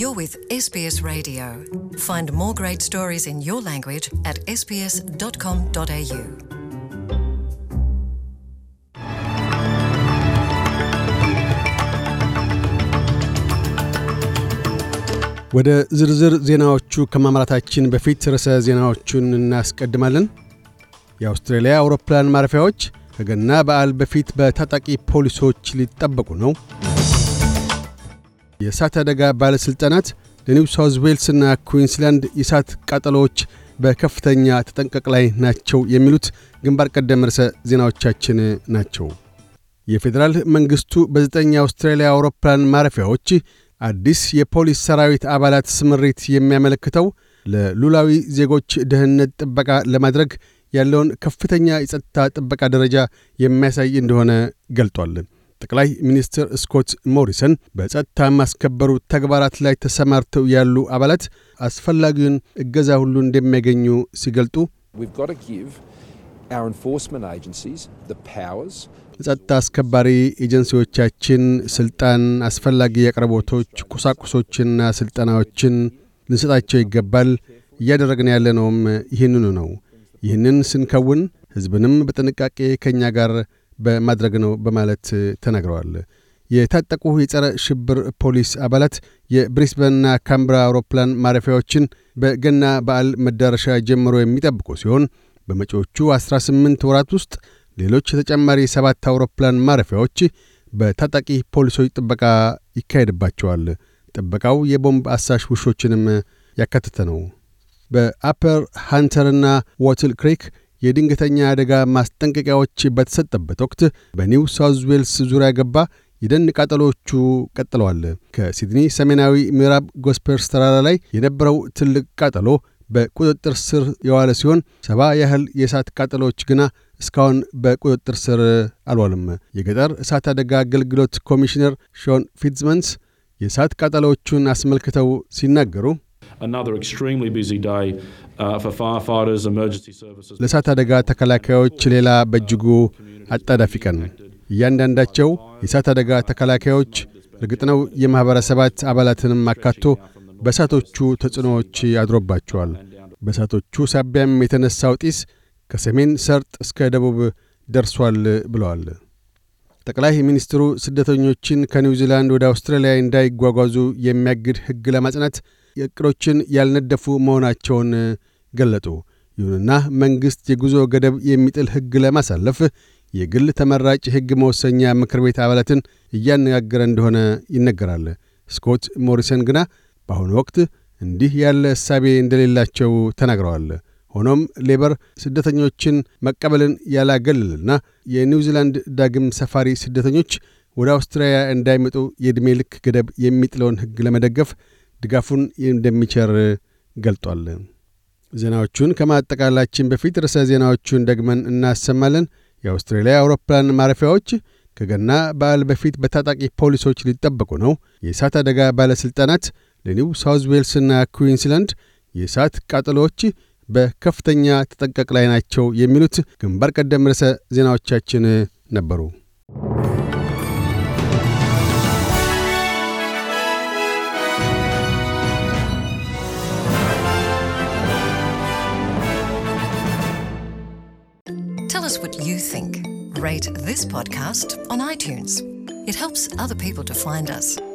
You're with SBS Radio. Find more great stories in your language at sbs.com.au. ወደ ዝርዝር ዜናዎቹ ከማምራታችን በፊት ርዕሰ ዜናዎቹን እናስቀድማለን። የአውስትሬልያ አውሮፕላን ማረፊያዎች ከገና በዓል በፊት በታጣቂ ፖሊሶች ሊጠበቁ ነው። የእሳት አደጋ ባለሥልጣናት ለኒው ሳውዝ ና ኩዊንስላንድ የእሳት ቃጠሎዎች በከፍተኛ ተጠንቀቅ ላይ ናቸው የሚሉት ግንባር ቀደም ርዕሰ ዜናዎቻችን ናቸው። የፌዴራል መንግሥቱ በዘጠኝ የአውስትራሊያ አውሮፕላን ማረፊያዎች አዲስ የፖሊስ ሰራዊት አባላት ስምሪት የሚያመለክተው ለሉላዊ ዜጎች ደህንነት ጥበቃ ለማድረግ ያለውን ከፍተኛ የጸጥታ ጥበቃ ደረጃ የሚያሳይ እንደሆነ ገልጧል። ጠቅላይ ሚኒስትር ስኮት ሞሪሰን በጸጥታ ማስከበሩ ተግባራት ላይ ተሰማርተው ያሉ አባላት አስፈላጊውን እገዛ ሁሉ እንደሚያገኙ ሲገልጡ ጸጥታ አስከባሪ ኤጀንሲዎቻችን ስልጣን፣ አስፈላጊ አቅርቦቶች፣ ቁሳቁሶችና ስልጠናዎችን ልንሰጣቸው ይገባል። እያደረግን ያለነውም ይህንኑ ነው። ይህንን ስንከውን ሕዝብንም በጥንቃቄ ከእኛ ጋር በማድረግ ነው በማለት ተናግረዋል። የታጠቁ የጸረ ሽብር ፖሊስ አባላት የብሪስበንና ካምብራ አውሮፕላን ማረፊያዎችን በገና በዓል መዳረሻ ጀምሮ የሚጠብቁ ሲሆን በመጪዎቹ 18 ወራት ውስጥ ሌሎች ተጨማሪ ሰባት አውሮፕላን ማረፊያዎች በታጣቂ ፖሊሶች ጥበቃ ይካሄድባቸዋል። ጥበቃው የቦምብ አሳሽ ውሾችንም ያካተተ ነው። በአፐር ሃንተርና ዋትል ክሪክ የድንገተኛ አደጋ ማስጠንቀቂያዎች በተሰጠበት ወቅት በኒው ሳውዝ ዌልስ ዙሪያ ገባ የደን ቃጠሎቹ ቀጥለዋል። ከሲድኒ ሰሜናዊ ምዕራብ ጎስፐርስ ተራራ ላይ የነበረው ትልቅ ቃጠሎ በቁጥጥር ስር የዋለ ሲሆን ሰባ ያህል የእሳት ቃጠሎዎች ግና እስካሁን በቁጥጥር ስር አልዋልም። የገጠር እሳት አደጋ አገልግሎት ኮሚሽነር ሾን ፊትዝመንስ የእሳት ቃጠሎዎቹን አስመልክተው ሲናገሩ another extremely busy day uh, for firefighters, ለእሳት አደጋ ተከላካዮች ሌላ በእጅጉ አጣዳፊ ቀን እያንዳንዳቸው የእሳት አደጋ ተከላካዮች እርግጥ ነው የማኅበረሰባት አባላትንም አካቶ በእሳቶቹ ተጽዕኖዎች አድሮባቸዋል። በእሳቶቹ ሳቢያም የተነሳው ጢስ ከሰሜን ሰርጥ እስከ ደቡብ ደርሷል ብለዋል። ጠቅላይ ሚኒስትሩ ስደተኞችን ከኒውዚላንድ ወደ አውስትራሊያ እንዳይጓጓዙ የሚያግድ ሕግ ለማጽናት እቅዶችን ያልነደፉ መሆናቸውን ገለጡ። ይሁንና መንግሥት የጉዞ ገደብ የሚጥል ሕግ ለማሳለፍ የግል ተመራጭ ሕግ መወሰኛ ምክር ቤት አባላትን እያነጋገረ እንደሆነ ይነገራል። ስኮት ሞሪሰን ግና በአሁኑ ወቅት እንዲህ ያለ እሳቤ እንደሌላቸው ተናግረዋል። ሆኖም ሌበር ስደተኞችን መቀበልን ያላገልልና የኒውዚላንድ ዳግም ሰፋሪ ስደተኞች ወደ አውስትራሊያ እንዳይመጡ የዕድሜ ልክ ገደብ የሚጥለውን ሕግ ለመደገፍ ድጋፉን እንደሚቸር ገልጧል። ዜናዎቹን ከማጠቃላችን በፊት ርዕሰ ዜናዎቹን ደግመን እናሰማለን። የአውስትሬልያ አውሮፕላን ማረፊያዎች ከገና በዓል በፊት በታጣቂ ፖሊሶች ሊጠበቁ ነው። የእሳት አደጋ ባለሥልጣናት ለኒው ሳውዝ ዌልስና ኩዊንስላንድ የእሳት ቃጠሎዎች በከፍተኛ ተጠንቀቅ ላይ ናቸው። የሚሉት ግንባር ቀደም ርዕሰ ዜናዎቻችን ነበሩ። us what you think. Rate this podcast on iTunes. It helps other people to find us.